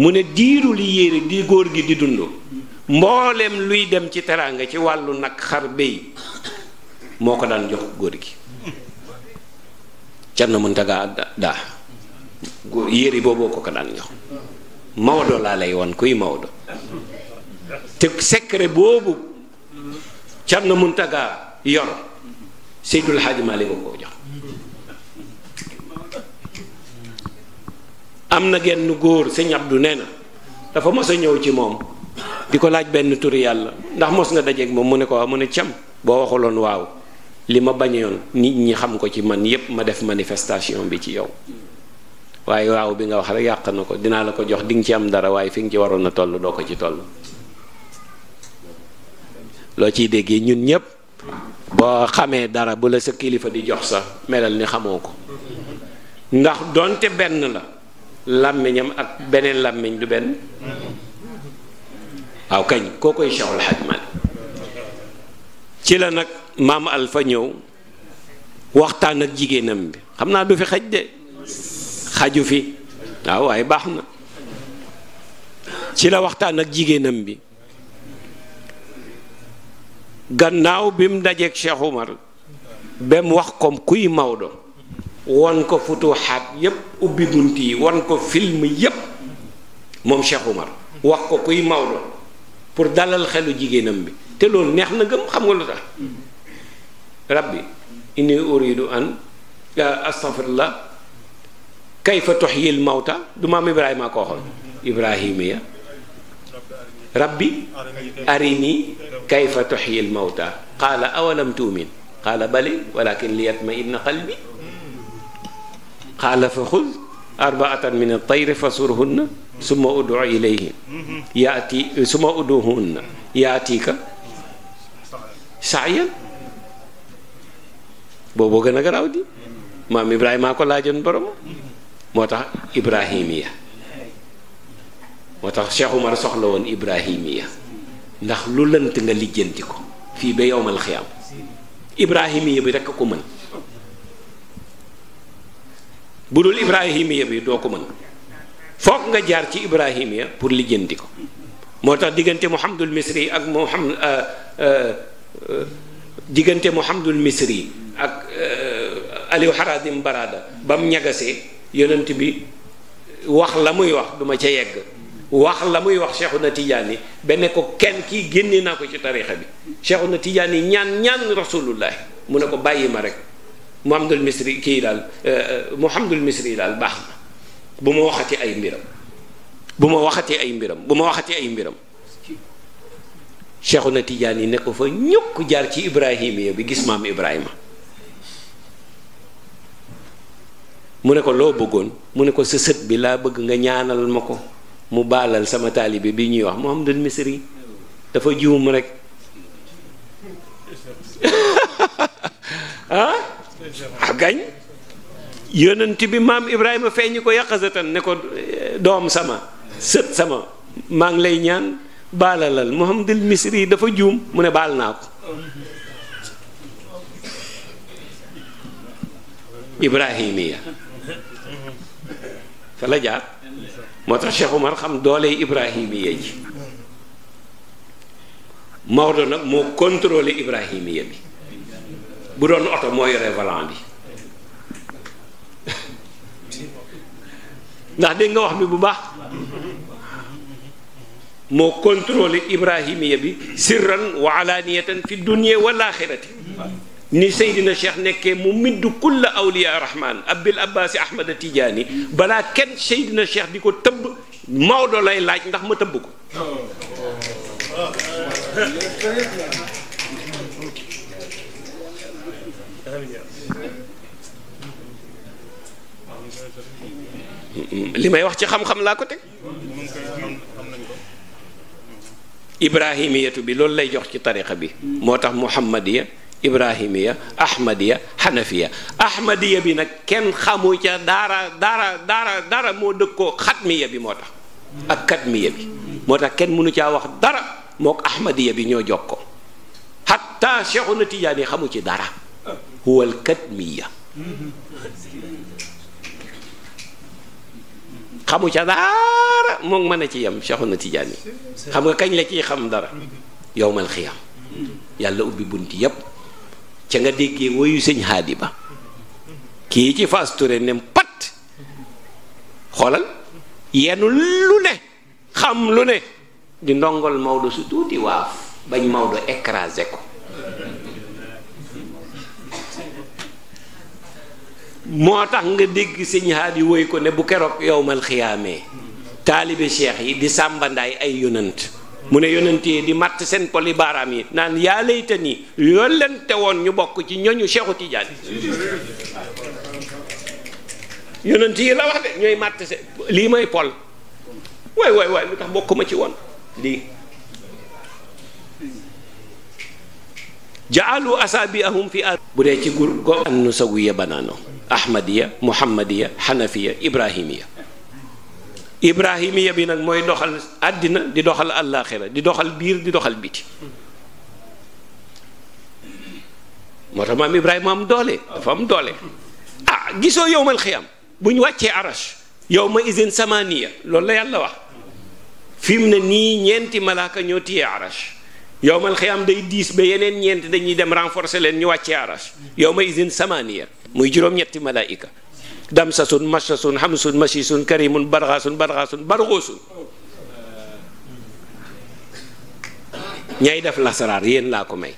mu ne diiru li yére di góor gi di dund mboolem luy dem ci teraanga ci wàllu nag xar béy moo ko daan jox góor gi Cerno Muntaga daa yére booboo ko ko daan jox Maodo laa lay won kuy Maodo te secret boobu Cerno Muntaga yor Seydul Haaji Maalik ko jox am na genn góor sëñ Abdou nee na dafa mos a ñëw ci moom di ko laaj benn turi yàlla ndax mos nga dajeeg moom mu ne ko waaw mu ne cam boo waxuloon waaw li ma bañoon nit ñi xam ko ci man yépp ma def manifestation bi ci yow waaye waaw bi nga wax rek yàq na ko dinaa la ko jox di nga ci am dara waaye fi nga ci waroon a toll doo ko ci toll loo ciy déggee ñun ñépp boo xamee dara bu la sa kilifa di jox sa melal ni xamoo ko ndax donte benn la làmmiñam ak beneen làmmiñ du benn waaw kañ koo koy Cheikhul Hadj Malick ci la nag maam Alfa ñëw waxtaan ak jigéenam bi xam naa du fi xaj de xaju fi waaw waaye baax na ci la waxtaan ak jigéenam bi gannaaw bi mu dajeeg Cheikh ba mu wax comme kuy Maodo. won ko futuxaat yépp ubbi bunt yi won ko film yépp moom Cheikh Umar wax ko kuy Maodo pour dalal xelu jigéenam bi te loolu neex na gëm xam nga lu tax rabbi inni uridu an astaghfirullah kayfa tuhyil mawta du maam Ibrahima ko waxoon Ibrahima ya arini kayfa tuhyil mawta qaala awalam tu'min qaala bali walakin liyatma'inna qalbi xaala fa xud arbaatan min at-tayri fasurhunna summa udu ilayhi yaati summa uduhunna yaatiika saayan booboo gën a garaaw di maam Ibrahima ko laajoon borom moo tax Ibrahimiya moo tax Cheikh Umar soxla woon Ibrahimiya ndax lu lënt nga lijjanti ko fii ba yowmal xiyaam Ibrahimiya bi rekk ko mën. bu dul ibrahimiya bi doo ko mën foog nga jaar ci ibrahimiya pour lijjanti ko moo tax diggante Muhammadul Misri ak Muhammad euh, euh, diggante Muhammadul Misri ak euh, Aliou Haradim Barada ba mu ñagasee yonant bi wax la muy wax duma ca yegg wax la muy wax Cheikhuna Tidiane ba benn ko kenn kii génne naa ko ci tariixa bi Cheikhuna Tidiane ñaan ñaan rasulullahi mu ne ko bàyyi ma rek Muhammadul Misri kii daal euh, euh, Muhammadul Misri daal baax na bu ma waxati ay mbiram bu ma waxati ay mbiram bu ma waxati ay mbiram Cheikhuna yi ne ko fa ñukk jaar ci Ibrahima bi gis maam Ibrahima mu ne ko loo bëggoon mu ne ko sa bi laa bëgg nga ñaanal ma ko mu baalal sama taalibe bi ñuy wax Muhammadul Misri dafa juum rek ah? gañ yonent bi maam Ibrahima feeñi ko yaqazatan ne ko eh, doom sama sët sama maa ngi lay ñaan baalalal Muhammadul Misri dafa juum mu ne baal naa ko Ibrahimiya fa la jaar moo tax Cheikh Umar xam doole Ibrahimiya ji Maodo nag moo contrôlé Ibrahimiya bi. bu doon oto moo yore volant bi ndax dégg wax mi bu baax moo contrôlé ibrahimiya bi sirran wa alaniyatan fi dunya wal axirati ni Seydina Cheikh nekkee mu middu kulla awliya rahman abil abbasi ahmada tijaani balaa kenn Seydina sheikh di ko tëbb Maodo lay laaj ndax ma tëbb ko li may wax ci xam-xam laa ko teg ibrahimiyatu bi loolu lay jox ci tariqa bi moo tax muhammadiya ibrahimiya ahmadiya xanafiya ahmadiya bi nag kenn xamu ca daara daara daara dara moo dëkkoo xatmiya bi moo tax ak katmiya bi moo tax kenn mënu caa wax dara mook ahmadiya bi ñoo jox ko xatta seexu na tijaani xamu ci dara huwa alkatmiya xamu ca dara moom mën a ci yem Cheikhuna Tijaani xam nga kañ la ciy xam dara yowmal xiyam yàlla ubbi bunt yépp ca nga déggee woyu sëñ haadi kii ci Fass Touré pat xoolal yenu lu ne xam lu ne di ndongol Maodo su tuuti waaf bañ Maodo écrasé ko moo tax nga dégg sëñ haat yi woy ko ne bu keroog yowmal xiyaamee taalibe cheikh yi di sàmbandaay ay yonant mu ne yonant di matt seen pol yi baaraam yi naan yaa layta nii yollente woon ñu bokk ci ñoñu Cheikhu Tidiane yonant yi la wax de ñooy matt seen lii mooy pol waay waay waay lu tax bokkuma ci woon lii jaalu asaabiahum fi ar bu dee ci gur ko am nu sagu yebanaanoo ahmadiya muhammadiya xanafiya ibrahimiya ibrahimiya bi nag mooy doxal àddina di doxal àllaaxira di doxal biir di doxal biti moo tax maam ibrahima am doole doole ah gisoo yowmal xiyam bu ñu wàccee arash yowma izin samaniya loolu la yàlla wax fi mu ne nii ñeenti malaaka ñoo téye arash yowmal xiyam day diis ba yeneen ñeenti dañuy dem renforcer leen ñu wàccee arash yowma izin samaniya muy juróom-ñetti malaayika damsasun masasun xamsun masisun karimun barxaasun barxaasun barxoosun ñay def lasaraar yéen laa ko may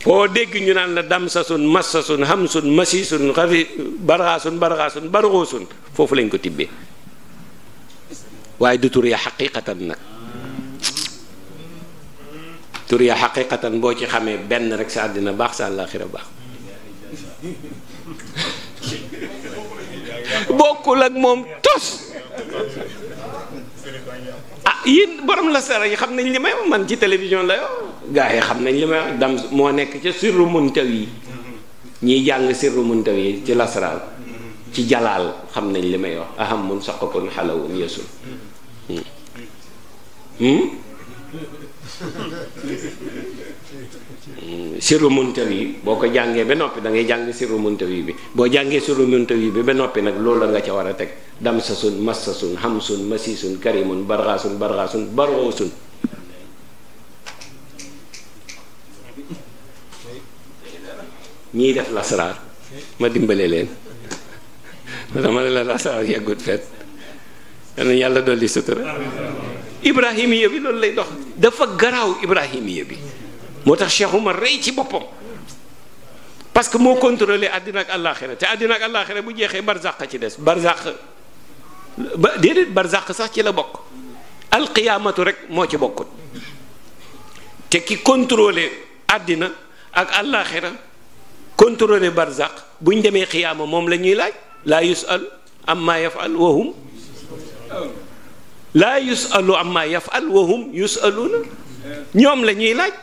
foo dégg ñu naan la damsasun masasun xamsun masisun xafi barxaasun barxaasun barxoosun foofu lañ ko tibbee du tur ya tur ya xaqiqatan boo ci xamee benn rek sa àddina baax sa àllaaxira baax bokkul ak moom tos ah yéen borom la sara yi xam nañ li may man ci télévision la yoo gars yi xam nañ li may wax moo nekk ci sirru muntaw yi ñiy jàng sirru muntaw yi ci lasaraal ci jalaal xam nañ li may wax aham mun saqakon xalawun yesul hmm. hmm? Sirru Muntawi boo ko jàngee ba noppi dangay jàng jàng Sirru Muntawi bi boo jàngee Sirru Muntawi bi ba noppi nag loolu la nga ca war a teg damsasun massasun hamsun masisun karimun barxaasun barxaasun barxoosun ñiy def lasraar ma dimbale leen ma dama ne la lasraar yeggut fet yàlla dolli sutura ibrahimiya bi loolu lay dox dafa garaaw ibrahimiya bi moo tax Cheikh Oumar rey ci boppam parce que moo contrôlé àddina ak àllaaxira te àddina ak àllaaxira bu jeexee barzaq ci des barzaq ba déedéet barzaq sax ci la bokk alqiyaamatu rek moo ci bokkut te ki contrôlé àddina ak àllaaxira contrôlé barzaq bu ñu demee xiyaama moom la ñuy laaj laa yusal am maa yafal wa hum laa yusalu amma yafal wa hum yusaluuna ñoom la ñuy laaj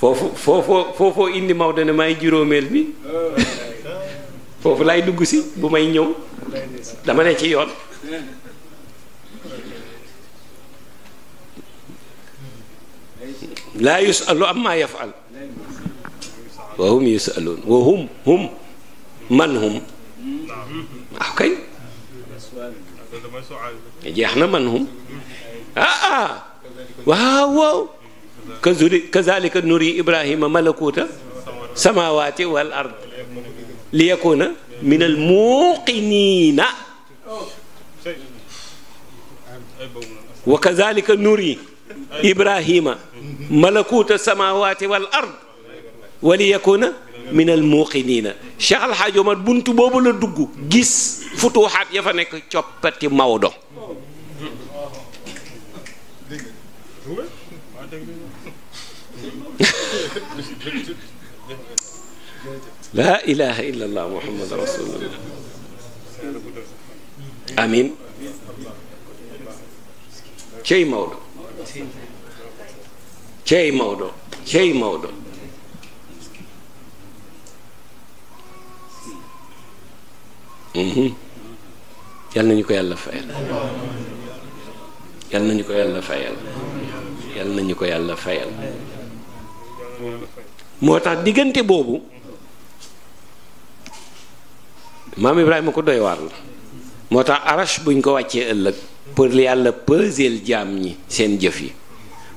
foofu foofoo indi Maodo ne maay juróomeel bi foofu laay dugg si bu may ñëw dama ne ci yoon laa yusalu amma yafal wa hum yusaluun wa hum hum man hum jeex na man hum ah ah waaw waaw kazalika nuri ibrahima malakuta samawati wal ard li yakuna min al muqinina wa kazalika nuri ibrahima malakuta samawati wal ard wa li yakuna minal muuqiniina Cheikh Al Hadj boobu la dugg gis futuuxaat ya fa nekk coppati Maodo laa ilaaha illallah muhammad rasulullah amin cey Maodo cey Maodo Mhm. yal nañu ko yàlla fayal yal nañu ko yàlla fayal yal nañu ko yàlla fayal moo tax diggante boobu maam Ibrahima ko doy waar la moo tax arash buñ ko wàccee ëllëg pour yàlla pëseel jaam ñi seen jëf yi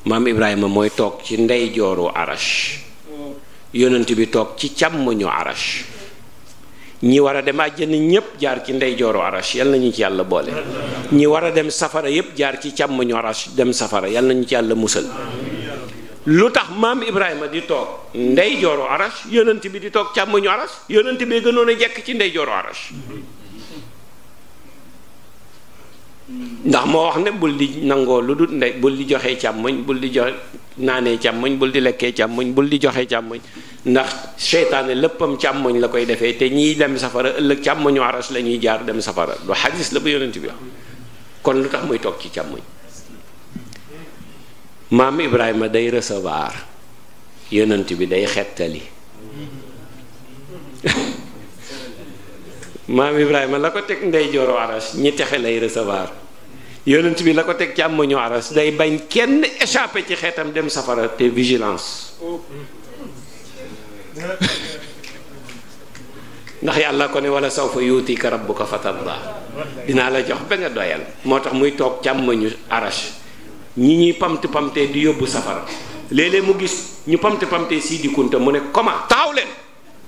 maam Ibrahima mooy toog ci ndeyjooru arash yonent bi toog ci càmmoñu arash ñi war a dem àjjana ñépp jaar ci ndeyjooru arash yal nañu ci yàlla boole ñi war a dem safara yépp jaar ci càmmoñu arash dem safara yal nañu ci yàlla musal lu tax maam Ibrahima di toog ndeyjooru arash yonent bi di toog càmmoñu arash yonent bee gënoon a jekk ci ndeyjooru arash ndax moo wax ne bul di nangoo lu dul ndey bul di joxee càmmoñ bul di joxe naanee càmmoñ bul di lekkee càmmoñ bul di joxee càmmoñ ndax seytaane léppam càmmoñ la koy defee te ñiy dem safara ëllëg càmmoñu aras la ñuy jaar dem safara lu xadis la bu yonent bi wax kon lu tax muy toog ci càmmoñ maam Ibrahima day recevoir yonant bi day xettali maam Ibrahima la ko teg ndeyjooru aras ñi texe lay resevoir yonent bi la ko teg ci càmmoñu aras day bañ kenn échappé ci xeetam dem safara te vigilance ndax yàlla ko ne wala saw fa yuutika rabbuka fatardaa dinaa la jox ba nga doyal moo tax muy toog càmmoñu aras ñi ñuy pamti pamtee di yóbbu safara léeg mu gis ñu pamti sii di Kunta mu ne comment taxaw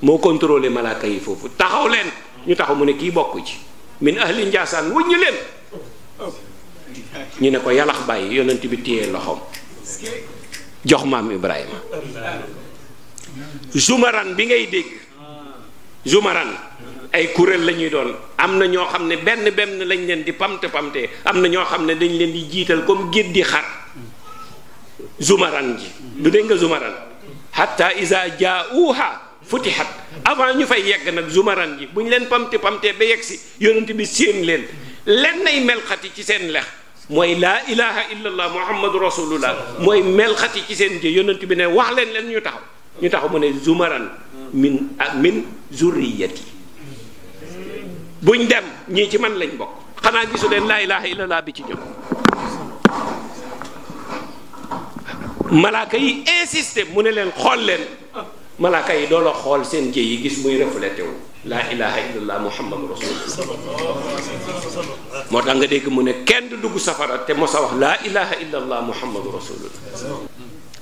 moo contrôlé malaaka yi foofu taxaw leen ñu taxaw mu ne kii bokku ci min ahli njaasaan wuññu leen ñu ne ko yalax bàyyi yonent bi téye loxoom jox maam Ibrahima zumaran bi ngay dégg zumaran ay kuréel la ñuy doon am na ñoo xam ne benn benn lañ leen di pamte pamte am na ñoo xam ne dañ leen di jiital comme géddi xar zumaran ji du dégg zumaran hatta iza jaauha futihat avant ñu fay yegg nag zumaran ji bu ñu leen pamte pamtee ba yegg si yonent bi séen leen len nay melxati ci seen lex mooy laa ilaha illallah muhammadu rasulullah mooy melxati ci seen jë yonent bi ne wax leen leen ñu taxaw ñu taxaw mu ne zumaran min min zurriyati buñ dem ñii ci man lañ bokk xanaa gisu leen laa ilaha illallah bi ci ñoom malaaka yi insisté mu ne leen xool leen malaaka yi doo la xool seen jëy yi gis muy reflété wu laa ilaha illallah muhammadu rasulullah moo tax nga dégg mu ne kenn du dugg safara te mosa wax laa ilaha illallah muhammadu rasulullah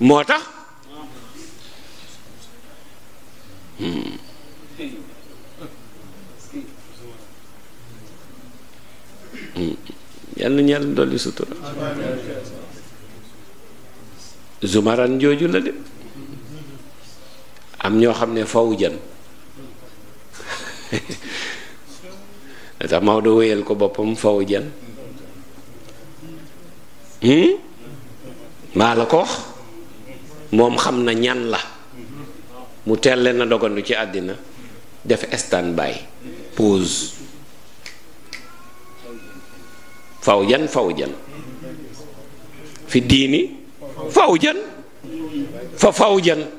moo tax yàlla ñu dolli sutura zumaran jooju la de am ñoo xam ne faw jën tax Maodo wéyal ko boppam faw jën hmm? maa la ko wax moom xam na ñan la mu teel leen a dogandu ci àddina def stand by pause faw jën faw jën fi diini faw jën fa faw jën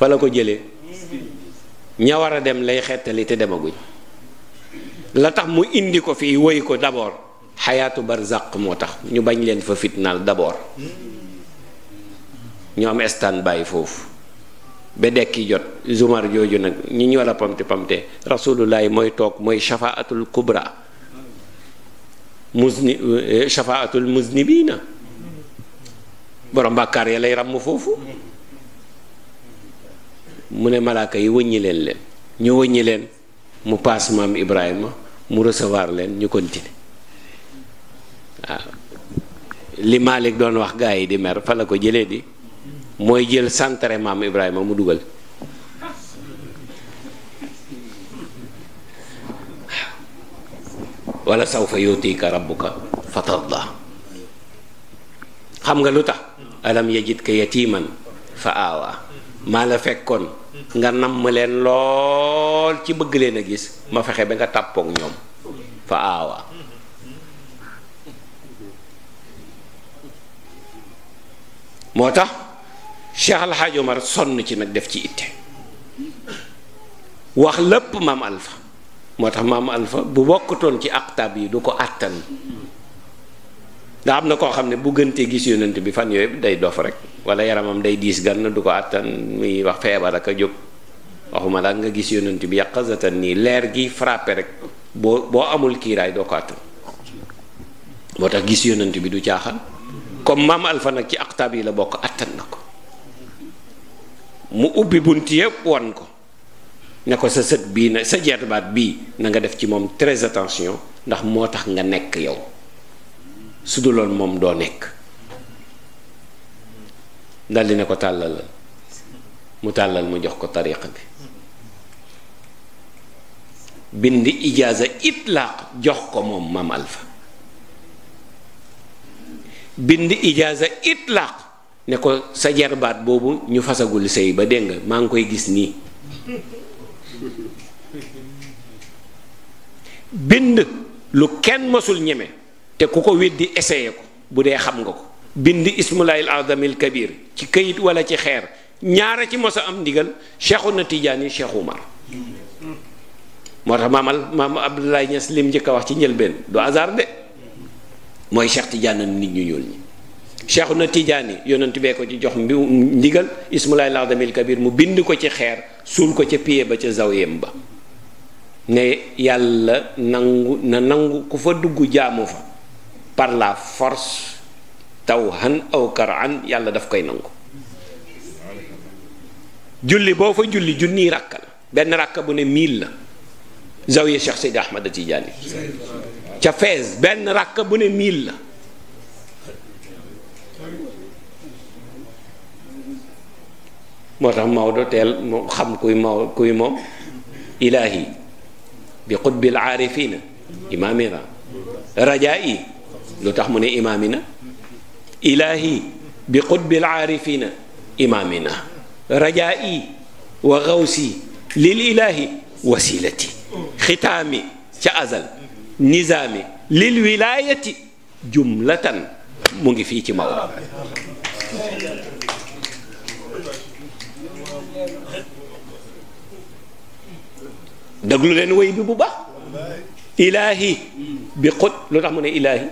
fa la ko jëlee ña war a dem lay xettali te demaguñ la tax mu indi ko fii woy ko d'abord xayaatu barzaq moo tax ñu bañ leen fa fitnaal d'abord ñu am stan foofu ba dekki jot zumar jooju nag ñi ñu war a pamte pamte rasulullahi mooy toog mooy shafaatul kubra muzni eh, shafaatul muznibina borom bàkkaar ya lay ràmm foofu mu ne malaaka yi wëññi leen leen ñu wëññi leen mu paas maam Ibrahima mu recevoir leen ñu continuer waaw li Malick doon wax gaa yi di mer fa la ko jëlee di mooy jël centre maam Ibrahima mu dugal wala sawfa yutika rabbuka fatarda xam nga lu tax alam yajidka yatiman fa aawaa maa la fekkoon nga namm leen lool ci bëgg leen a gis ma fexe ba nga tàppook ñoom fa aawa moo tax Cheikh Al Hadj Omar sonn ci nag def ci itte wax lépp maam Alpha moo tax maam Alpha bu bokkutoon ci aktaab yi du ko àttan ndax am na koo xam ne bu gis yonent bi fan yooyu day dof rek wala yaramam day diis gan du ko àttan muy wax feebar ak a jóg waxuma la nga gis yonent bi yaqazatan nii leer gi frappé rek boo boo amul kiiraay doo ko gis yonent bi du caaxaan comme maam Alfa nag ci yi la bokk àttan na ko mu ubbi bunt yëpp wan ko ne ko sa sët bii na sa jeet baat bii na nga def ci moom très attention ndax moo tax nga nekk yow su du moom doo nekk dal di ne ko tàllalal mu tàllal mu jox ko tariqa bi bind ijaaza itlaaq jox ko moom maam alfa bind ijaaza itlaaq ne ko sa jarbaat boobu ñu fasagul sëy ba dégg maa ngi koy gis nii bind lu kenn mësul ñeme te ku ko weddi essayé ko bu dee xam nga ko bind ismulaayil azamil kabir ci kayit wala ci xeer ñaara ci mos a am ndigal cheikhu na tijaani cheikh Umar moo tax maamal maam Abdoulaye Niass njëkk a wax ci njëlbeen du hasard de mooy cheikh tijaani nit ñu ñuul ñi cheikhu na tijaani yonent bee ko ci jox mbi ndigal ismulaayil azamil kabir mu bind ko ci xeer suul ko ca pied ba ca zawiyem ba ne yàlla nangu na nangu ku fa dugg jaamu fa par la force tawhan aw karhan yàlla daf koy nangu julli boo fa julli junniy ràkka benn ràkka bu ne mille la moo tax Maodo teel mu xam kuy moom ilaahi bi qutbil aarifina imaamina rajaa yi lu tax mu ne imaamina ilaahi bi qutbil aarifina imaamina rajaa'i wa gawsi lil ilaahi wasilati xitaami ca azal nizaami lil wilaayati jumlatan mu ngi fii ci Maodo déglu bi bu baax mu ne ilaahi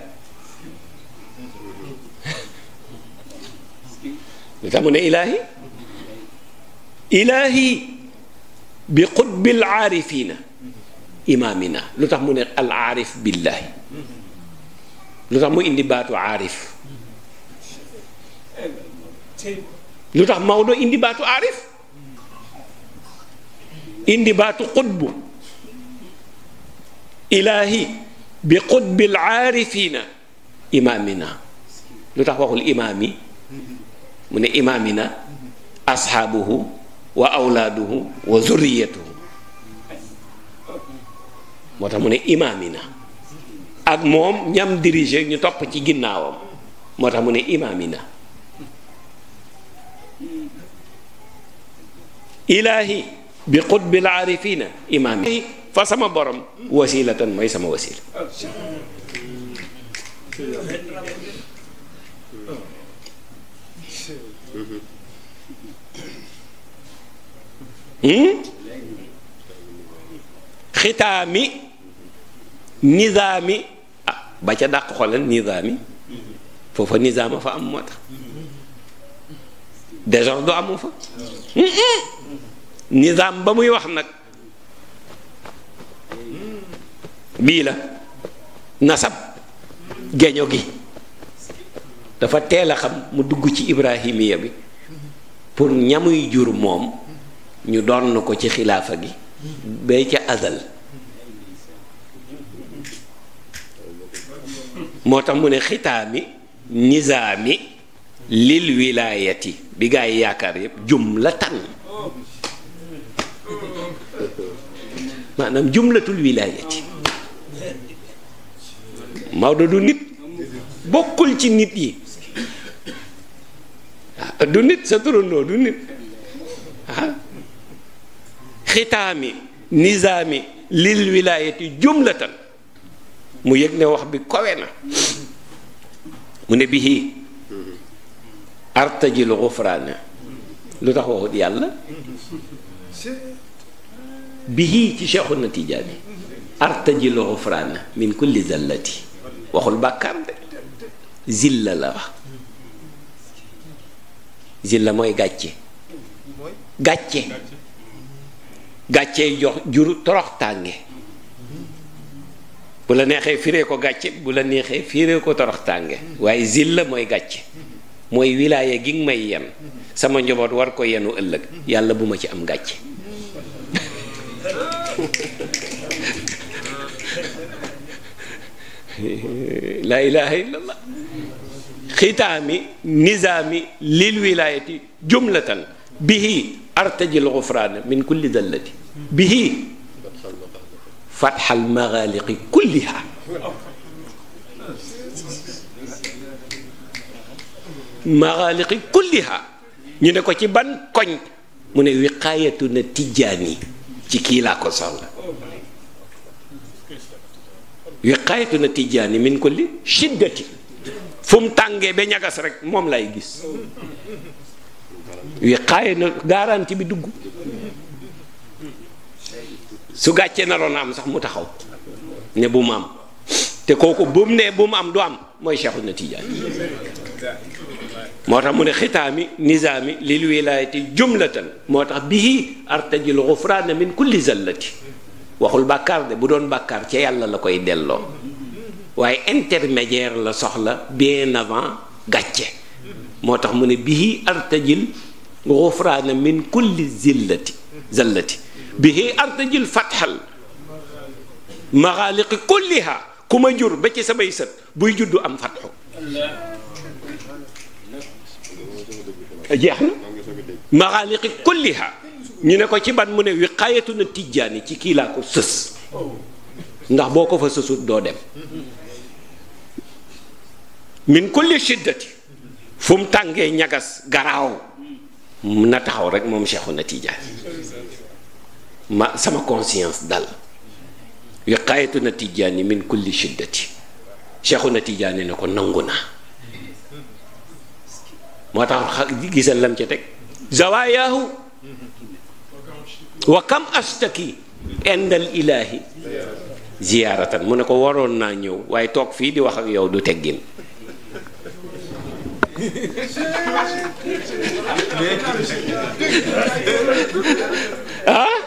li tax mu ne ilaahi ilaahi bi qutbil aarifiina imaamina lu tax mu ne al aarif billaahi lu tax mu indi baatu aarif lu tax Maodo indi baatu aarif indi baatu qutbu ilaahi bi qutbil aarifiina lu tax waxul imaami mu ne imaamina asxaabuhu wa awlaaduhu wa zurriyatuhu moo tax mu ne imaamina ak moom ñam dirigé ñu topp ci ginnaawam moo tax mu ne imaamina ilaahi bi qutbil aarifina imaamina fa sama borom wasilatan mooy sama wasila Hmm? xitaami nizaami ah, ba ca dàq xoolal nizaami foofa nizaama fa am moo tax désordre amu fa hmm? nizaam ba muy wax nag bii la nasab geño gi dafa teel a xam mu dugg ci ibrahimiya bi pour ñamuy jur moom ñu doon ko ci xilaafa gi bay ca azal moo tax mu ne xitaami nizaami lil wilaayati bi gaa yi yaakaar yépp jumlatan maanaam jumlatul wilaayati Maodo du nit bokkul ci nit yi du nit sa turandoo du nit ah. xitaami nizaami lil wilaayati jumlatan mu yëg ne wax bi kowe na mu ne bihi artajil xufraana lu tax waxut yàlla bihi ci Cheikhuna Tijaani artajil xufraana min kulli zallati waxul bàkkaar de zilla la wax zilla mooy gàcce gàcce gàcce jox jur torox tànge bu la neexee firee ko gàcce bu la neexee firee ko torox tànge waaye zilla mooy gàcce mooy wilaaye gi nga may yen sama njaboot war ko yenu ëllëg yàlla bu ma ci am gàcce laa ilaaha illallah xitaami nizaami lil wilaayati jumlatan bihi artajil gufraana min kulli dallati bihi fatxal magaaliqi kulliha magaaliqi kulliha ñu ne ko ci ban koñ mu ne wiqaayatu na tijjaani ci kii laa ko soxla wiqaayatu na tijjaani min kulli shiddati fu mu tàngee ba ñagas rek moom lay gis wi xaaye na garanti bi dugg su gàccee naroon am sax mu taxaw ne bu mu am te kooku bu mu nee bu mu am du am mooy Cheikhu na Tijaan moo tax mu ne xitaami nizaami lil wilayati jumlatan moo tax bihi artajil xufraana min kulli zallati waxul bàkkaar de bu doon bàkkaar ca yàlla la koy delloo waaye intermédiaire la soxla bien avant gàcce moo tax mu ne bihi artajil gufraana min kulli zillati zallati bihi artajil fatxal maxaaliqi kulliha ku ma jur ba ci samay sët buy juddu am fatxu jeex na ñu ne ko ci ban mu ne wiqaayatu na tijjaani ci kii laa ko sës ndax boo ko fa sësut doo dem min kulli shiddati fu mu tàngee ñagas garaaw na taxaw rek moom Cheikhuna Tidiane ma sama conscience dal wiqaayatuna Tidiane min kulli shiddati Cheikhuna Tidiane ne ko nangu naa moo tax gisal lam ca teg zawaayahu wa kam astaki indal ilaahi ziyaaratan mu ne ko waroon naa ñëw waaye toog fii di wax ak yow du teggin ah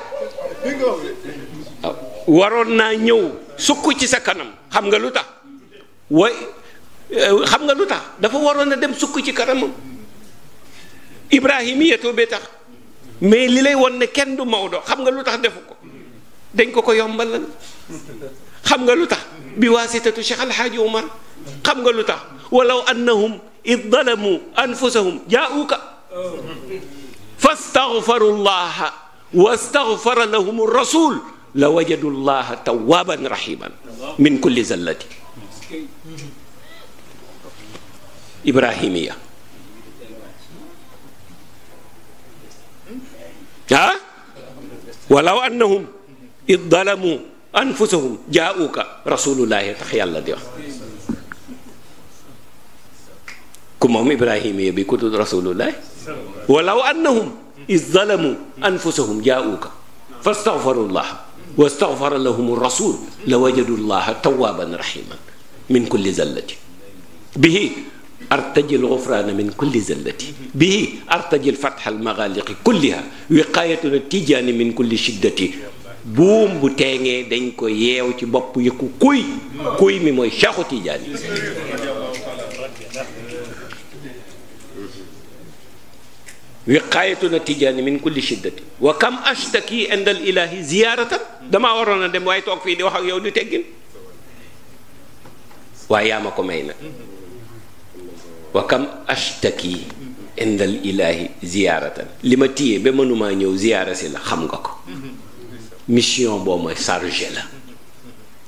waroon naa ñëw sukk ci sa kanam xam nga lu tax way eh, xam nga lu tax dafa waroon a dem sukk ci kanamam ibrahim yetoo bee tax mais li lay won ne kenn du Maodo xam nga lu tax defu ko dañ ko ko yombalal xam nga lu tax bi waasitatu Cheikh Alhaaji Omar xam nga lu tax walaw annahum id dalamu anfusahum jaa'uuka fastaxfaru llaha wastaxfara lahum rasul la wajadu llaha tawaaban rahiman min kulli zallati ibrahimiya ah walaw annahum id dalamu anfusahum jaa'uuka rasulullahi tax yàlla di wax ku moom ibrahimiya bi ku tudd rasulullah walaw annahum iz zalamu anfusahum jaauka fastaghfarullah wa staghfara lahum rasul la wajadu llaha tawaaban rahiman min kulli zallati bihi artaji lgufrana min kulli zallati bihi artaji lfatha almagaliqi kulliha wiqayatuna tijaani min kulli shiddati buum bu teengee dañ ko yeew ci bopp yëkku kuy kuy mi mooy Seexu Tijaani wiqaayatuna tiijaan min kulli shiddati wa kam ashtaki indal ilaahi ziyaaratan damaa waroon a dem waaye toog fii di wax ak yow di teggin waaye yaa ma ko may nag wa kam ashtaki indal ilaahi ziyaaratan li ma téye ba mënumaa ñëw ziyaara la xam nga ko mission boo ma chargé la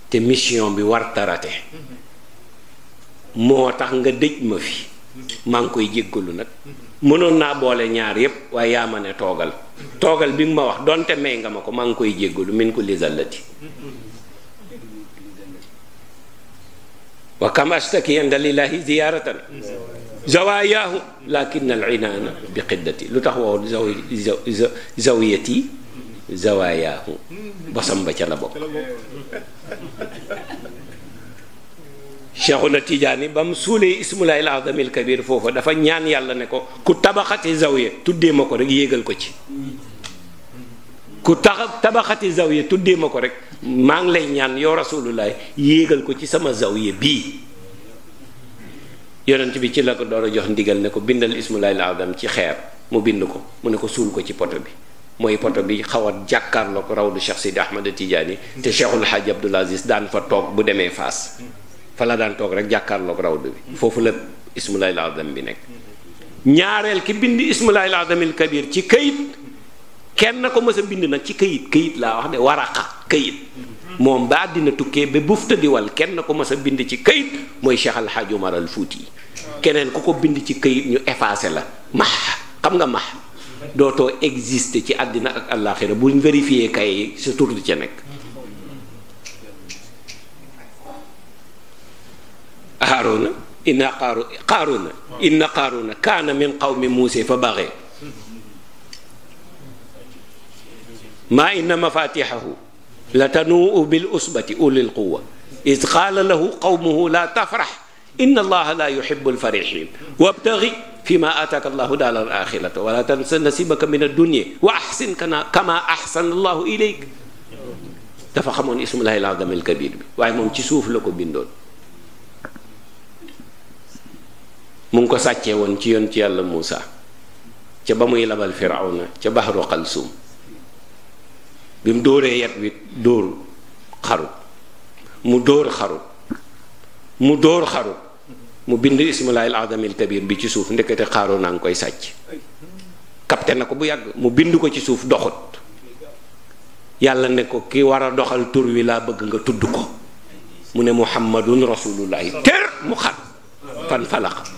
te mission bi war moo tax nga dëj ma fi maa ngi koy jéggalu nag mënoon naa boole ñaar yépp waaye yaa ma ne toogal toogal bi nga ma wax donte may nga ma ko maa ngi koy jéggalu min ko lisallati wa kam astaki inda lillahi ziyaratan zawayaahu lakin al inaana bi xiddati lu tax wow zaw zawiyati zawayaahu basam ba ca la bokk cheikhuna tijaani ba mu suulee ismulaahil azamil kabir foofa dafa ñaan yàlla ne ko ku tabaxati zawiya tuddee ma ko rek yéegal ko ci ku tax tabaxati zawiya tuddee ma ko rek maa ngi lay ñaan yow rasulullah yéegal ko ci sama zawiya bii yonent bi ci la ko door a jox ndigal ne ko bindal ismulaahil azam ci xeer mu bind ko mu ne ko suul ko ci poto bi mooy poto bi xaw a jàkkaarloo ko raw rawdu Cheikh Sidi Ahmad Tidiane te Cheikhul Hadj Abdoul Aziz daan fa toog bu demee Faas fa la daan toog rek jàkkaarloog rawdu bi foofu la ismu laahil azam bi nekk ñaareel ki bind ismu laahil azamil kabir ci kayit kenn ko mës a bind nag ci kayit kayit laa wax de waraqa kayit moom ba àddina tukkee ba bu di wal kenn ko mës a bind ci kayit mooy Cheikh Al fuuti Omar keneen ku ko bind ci kayit ñu effacé la max xam nga max dootoo existe ci àddina ak àllaaxira buñ vérifier kay yi sa tur di ca nekk haaruna inna qaaru qaaruna inna qaaruna kaana min qawmi muuse fa baxee maa inna mafatixahu la tanuu bil usbati ulil quwa id qaala lahu qawmuhu la tafrax inna allaha la yuhibu alfarixin wabtaxi fi ma ataaka allahu daal al axirata wala tansa nasibaka min addunia wa axsin kana kama axsana allahu ilayk dafa xamoon ismullahi al azam al kabir bi waaye moom ci suuf la ko bindoon mu ngi ko sàccee woon ci yoon ci yàlla Muusa ca ba muy labal Firawna ca baxaru xalsum bi mu dóoree yet wi dóor xarut mu dóor xarut mu dóor xarut mu bind ismulaayil adamil kabir bi ci suuf ndekete xaaru naa ngi koy sàcc capté na ko bu yàgg mu bind ko ci suuf doxut yàlla ne ko ki war a doxal tur wi laa bëgg nga tudd ko mu ne muhammadun rasulullahi ter mu xat fan falax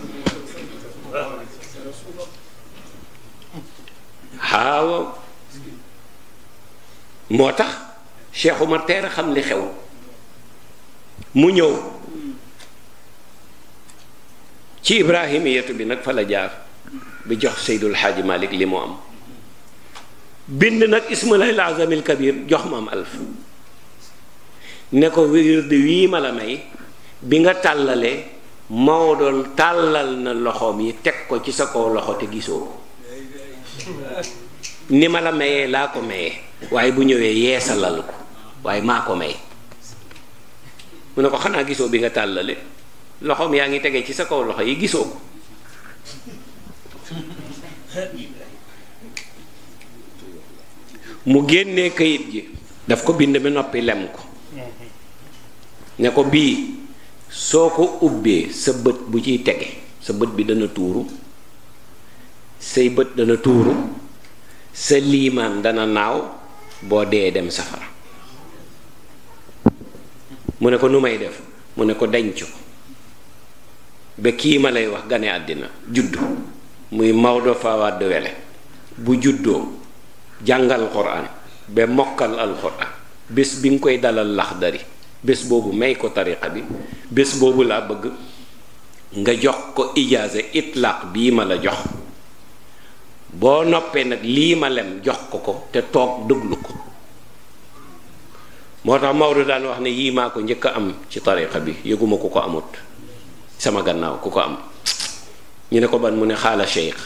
waaw moo tax Cheikh Umar a xam li xew mu ñëw ci ibrahimiyatu bi nag fa la jaar bi jox Seydul Xaaji Malik li mu am bind nag ismalahil azamil kabir jox ma am alf ne ko wird wii ma la may bi nga tàllalee Maodo tàllal na loxoom yi teg ko ci sa kaw loxo te gisoo ni ma la mayee laa ko mayee waaye bu ñëwee yeesalal ko waaye maa ko may mu ne ko xanaa gisoo bi nga tàllale loxoom yaa ngi tege ci sa kaw loxo yi gisoo ko mu génnee kayit gi daf ko bind ba noppi lem ko ne ko bii soo ko ubbee sa bët bu ciy tege sa bët bi dana tuuru say bët dana tuuru sa liimaan dana naaw boo dee dem safara mu ne ko nu may def mu ne ko denc ko ba kii ma lay wax gane àddina juddu muy Maodo Fawade Wele bu juddoo jàngal Qur'an ba mokkal alxuraan bés bi nga koy dalal lax Laxdari bés boobu may ko tariqa bi bés boobu laa bëgg nga jox ko ijaaza itlaq bii ma la jox boo noppee nag lii ma lem jox ko ko te toog duglu ko moo tax Maodo daan wax ne yii maa ko njëkk a am ci tariqa bi yëguma ku ko amut sama gannaaw ku ko am ñu ne ko ban mu ne xaala cheikh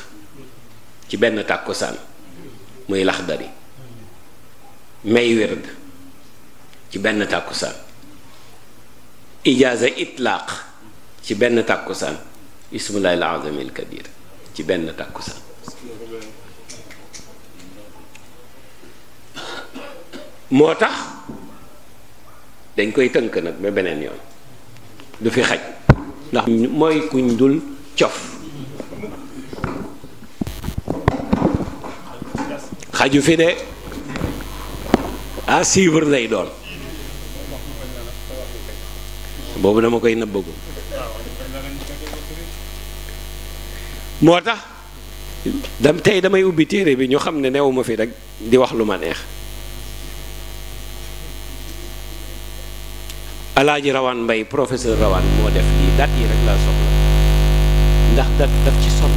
ci benn tàkkusaan muy laxdari may wird ci benn tàkkusaan ijaaza itlaaq ci benn tàkkusaan ismullahi al azamil kabir ci benn tàkkusaan moo tax dañ koy tënk nag ba beneen yoon du fi xaj ndax mooy kuñ dul cof xaju fi de à ah, suivre lay doon boobu dama koy nëbbagum moo tax dam tey damay ubbi téere bi ñu xam ne ma fi rek di wax lu ma neex alaaji rawaan mbay professeur rawan moo def lii dat yi rek laa soxla ndax daf ci sonn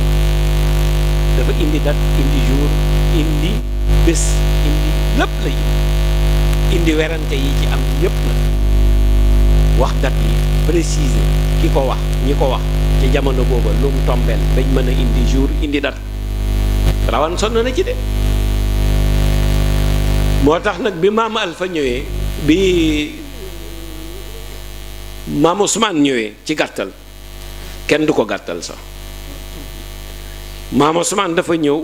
dafa indi dat indi jour indi bés indi lépp la yi indi werante yi ci am yépp la wax dat yi préciser ki ko wax ñi ko wax ci jamono booba lu mu tombeel dañ mën a indi jour indi dat rawan sonn na ci de moo tax nag bi maam Alfa ñëwee bi maam Ousmane ñëwee ci gàttal kenn du ko gàttal sax maam Ousmane dafa ñëw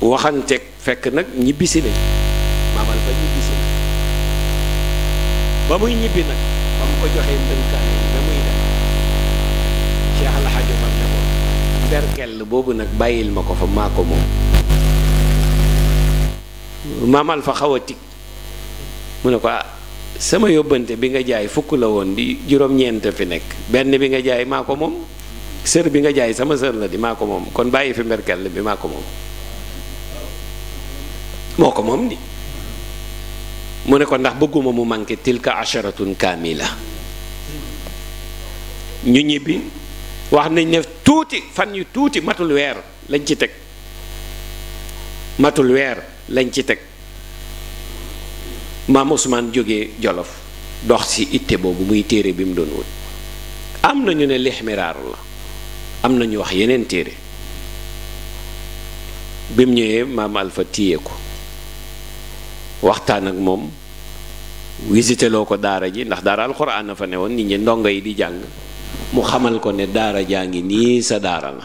waxanteeg fekk nag ñibbisi nañ maam Alfa ñibbisi na ba muy ñibbi nag ba mu ko joxee ndënkaane berkel boobu nag bàyyil ma ko fa maa ko moom maamal fa xaw a tig mu ne ko ah sama yóbbante bi nga jaay fukk la woon di juróom-ñeent fi nekk benn bi nga jaay maa ko moom sër bi nga jaay sama sër la di maa ko moom kon bàyyi fi mberkel bi maa ko moom moo ko moom di mu ne ko ndax bëgguma mu manqué tilka asharatun kaamila ñu ñibbi wax nañ ne tuuti fan yu tuuti matul weer lañ ci teg matul weer lañ ci teg maam Ousmane jóge Jolof dox ci itte boobu muy téere bi mu doon wut am na ñu ne lixmiraaru la am na nañu wax yeneen téere bi mu ñëwee maam Alpha téye ko waxtaan ak moom wisiteloo ko daara ji ndax daara alxuraan na fa ne woon nit ñi ndongo yi di jàng mu xamal ko ne daara jaa ngi nii sa daara la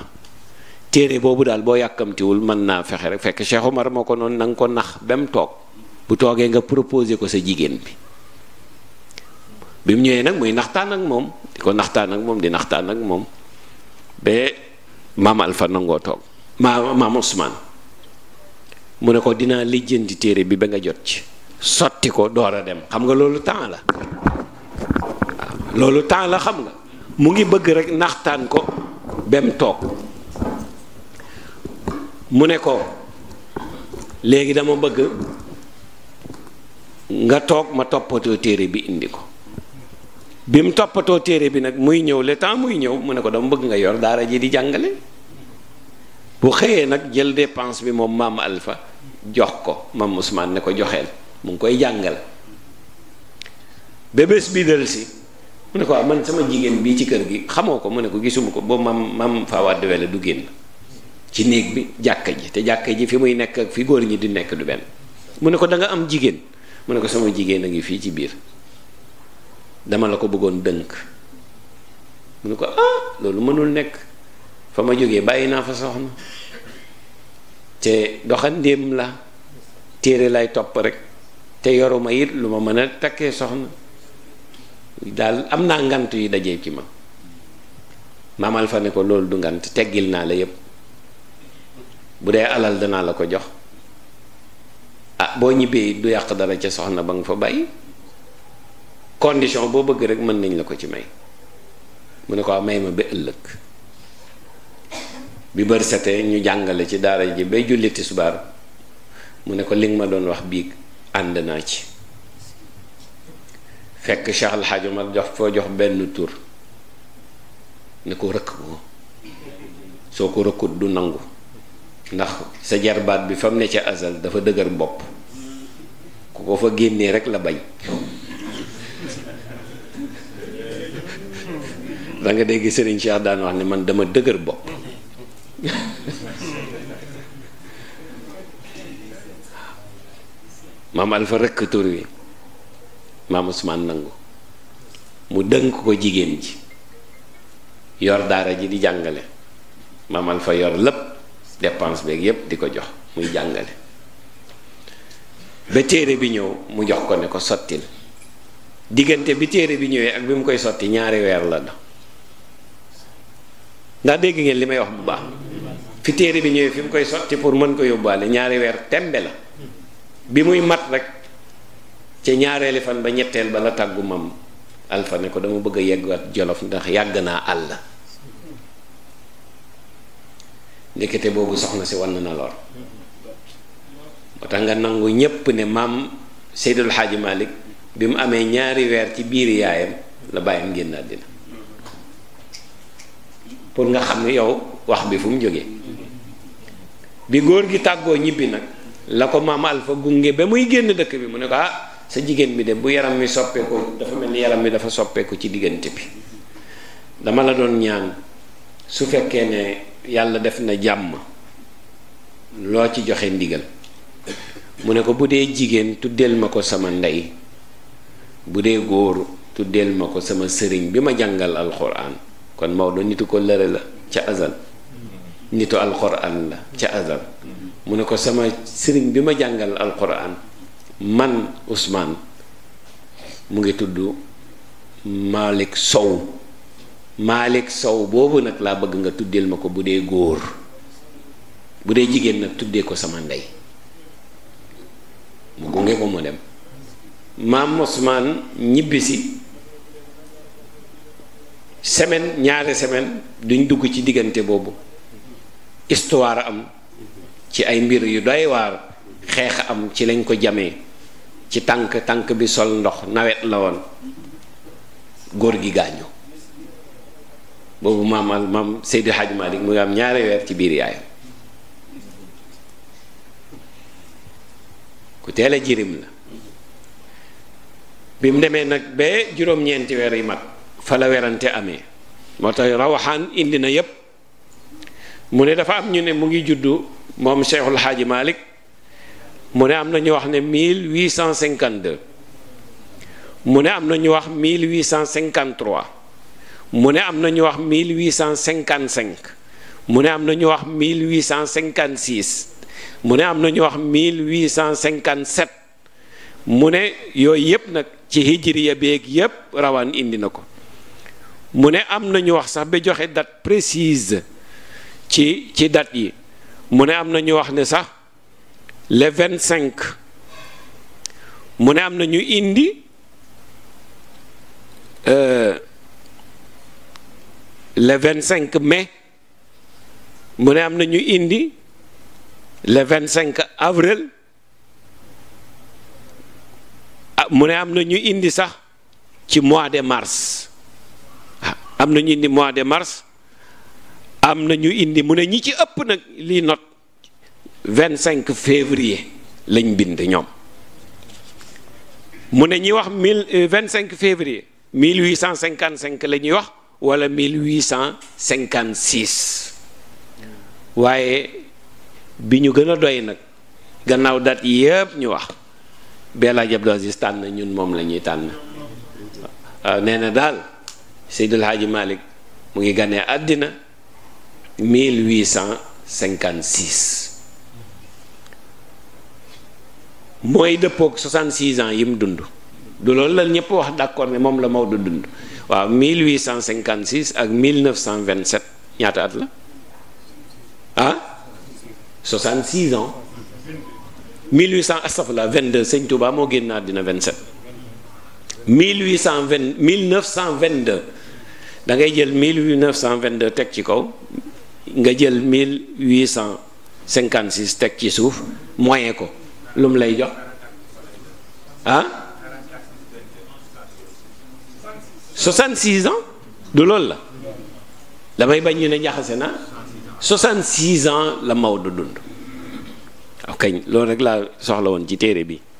téere boobu daal boo yàkkamtiwul mën naa fexe rek fekk Cheikh Omar moo ko noonu na ko nax ba mu toog bu toogee nga proposé ko sa jigéen bi bi mu ñëwee nag mooy naxtaan ak moom di ko naxtaan ak moom di naxtaan ak moom ba maam Alpha nangoo toog maam maam Ousmane mu ne ko dinaa lijjanti téere bi ba nga jot ci sotti ko door a dem xam nga loolu temps la loolu temps la xam nga. mu ngi bëgg rek naxtaan ko bem toog mu ne ko léegi dama bëgg nga toog ma toppatoo téere bi indi ko bi mu toppatoo téere bi nag muy ñëw le muy ñëw mu ne ko dama bëgg nga yor daara ji di jàngale bu xëyee nag jël dépense bi moom maam Alpha jox ko maam Ousmane ne ko joxeel mu ngi koy jàngal ba bés bi dël si mu ne ko waaw ah, man sama jigéen bii ci kër gi xamoo ko mu ne ko gisuma ko boobu maam maam Fawade Wele du génn ci néeg bi jàkka ji te jàkka ji fi muy nekk ak fi góor ñi di nekk du benn mu ne ko danga am jigéen mu ne ko sama jigéen a ngi fii ci biir dama la ko bëggoon dënk mu ne ko ah loolu mënul nekk fa ma jógee bàyyi naa fa soxna te doxandéem la téere lay topp rek te yoruma it lu ma mën a takkee soxna daal am naa ngant yu dajee ci ma maam Alpha ne ko loolu du ngant teggil naa la yépp bu dee alal danaa la ko jox a ah, boo ñibbee du yàq dara ca soxna ba nga fa bàyyi condition boo bëgg rek mën nañ la ko ci may mu ne ko ah, may ma ba ëllëg bi bër setee ñu jàngale ci daara ji bay julli tisbaar mu ne ko li nga ma doon wax biig ànd naa ci fekk Cheikh Al Hadj jox foo jox benn tur ne ko rëkk ko soo ko rëkkut du nangu ndax sa jarbaat bi fa ne ca azal dafa dëgër bopp ku ko fa génnee rek la bañ da nga dégg Serigne Cheikh daan wax ne man dama dëgër bopp maam Alfa rëkk tur wi maam Ousmane nangu mu dënk ko jigéen ji yor daara ji di jàngale maam fa yor lépp dépense beeg yépp di ko jox muy jàngale ba téere bi ñëw mu jox ko ne ko sottil diggante bi téere bi ñëwee ak bi mu koy sotti ñaari weer la na ndax dégg ngeen li may wax bu baax fi téere bi ñëwee fi mu koy sotti pour mën ko yóbbaale ñaari weer tembe la bi muy mat rek ca ñaareeli fan ba ñetteel ba la tàggu mam alfa ne ko dama bëgg a yeggaat jolof ndax yàgg naa àll ndekete boobu soxna si wan na lor moo tax nga nangu ñépp ne maam Seydul Xaaji Malik bi mu amee ñaari weer ci biir yaayam la bàyyam génn àddina pour nga xam ne yow wax bi fu mu jógee bi góor gi tàggoo ñibbi nag la ko maam alfa gunge ba muy génn dëkk bi mu ne ko ah sa jigéen bi de bu yaram wi soppeeku dafa mel ni yaram mi dafa soppeeku ci diggante bi dama la doon ñaan su fekkee ne yàlla def na jàmm loo ci joxe ndigal mu ne ko bu dee jigéen tuddeel ma ko sama ndey bu dee góor tuddeel ma ko sama sëriñ bi ma jàngal alxuraan kon Maodo nitu ko lëre la ca asal nitu alxuraan la ca azal mu ne ko sama sëriñ bi ma jàngal alxuraan man Ousmane mu ngi tudd malik Sow Malick Sow boobu nag laa bëgg nga tuddeel ma ko bu dee góor bu dee jigéen nag tuddee ko sama ndey mu gunge ko mu dem maam Ousmane ñibbisi semaine ñaari semaine duñ dugg ci diggante boobu histoire am ci ay mbir yu doy waar xeex am ci lañ ko jamee ci tànk tànk bi sol ndox nawet la woon góor gi gaañu boobu maam al maam Seydi Hadj Malick mu ngi am ñaari weer ci biir yaayam ku teel jirim la bi mu demee nag ba juróom-ñeenti weer yi mag fa la werante amee moo tax rawaxaan indi na yépp mu ne dafa am ñu ne mu ngi juddu moom Cheikhul Hadj Malick mu ne am na ñu wax ne 1852 mu ne am na ñu wax 1853 mu ne am na ñu wax 1855 mu ne am na ñu wax 1856 mu ne am na ñu wax 1857 mu ne yooyu yëpp nag ci hijriya beeg yëpp rawaan indi na ko mu ne am na ñu wax sax ba joxe date précise ci ci date yi mu ne am na ñu wax ne sax. le vingt cinq euh, mu ne am na ñu indi le vingt cinq mai mu am na ñu indi le vingt cinq avril ah, mu ne am na ñu indi sax ci mois de mars ah, am na ñu indi mois de mars am na ñu indi mu ne ñi ci ëpp nag lii not 25 février lañ bind ñoom mu ne ñuy wax mille 25 euh, février 1855 la ñuy wax wala 1856 waaye bi ñu gën a doy nag gannaaw date yëpp ñu wax bee laaj tànn ñun moom lañuy tànn waaw nee na daal Seydil Hadji Malick mu ngi gane àddina 1856 mooy dëppook 66 ans yi mu dund du loolu la ñëpp wax d'accord ni moom la Maodo dund waaw 1856 ak 1927 ñaata at la ah 66 ans 1800 astafurlah 22 sëñ Touba moo génn àddina 27 1820 1922 da ngay jël 1922 teg ci kaw nga jël 1856 teg ci suuf moyen ko. lu lay jox ah 66 ans du loolu la damay bañ ñu ne jaxase na 66 ans la Maodo dund ok loolu rek laa soxla woon ci téere bi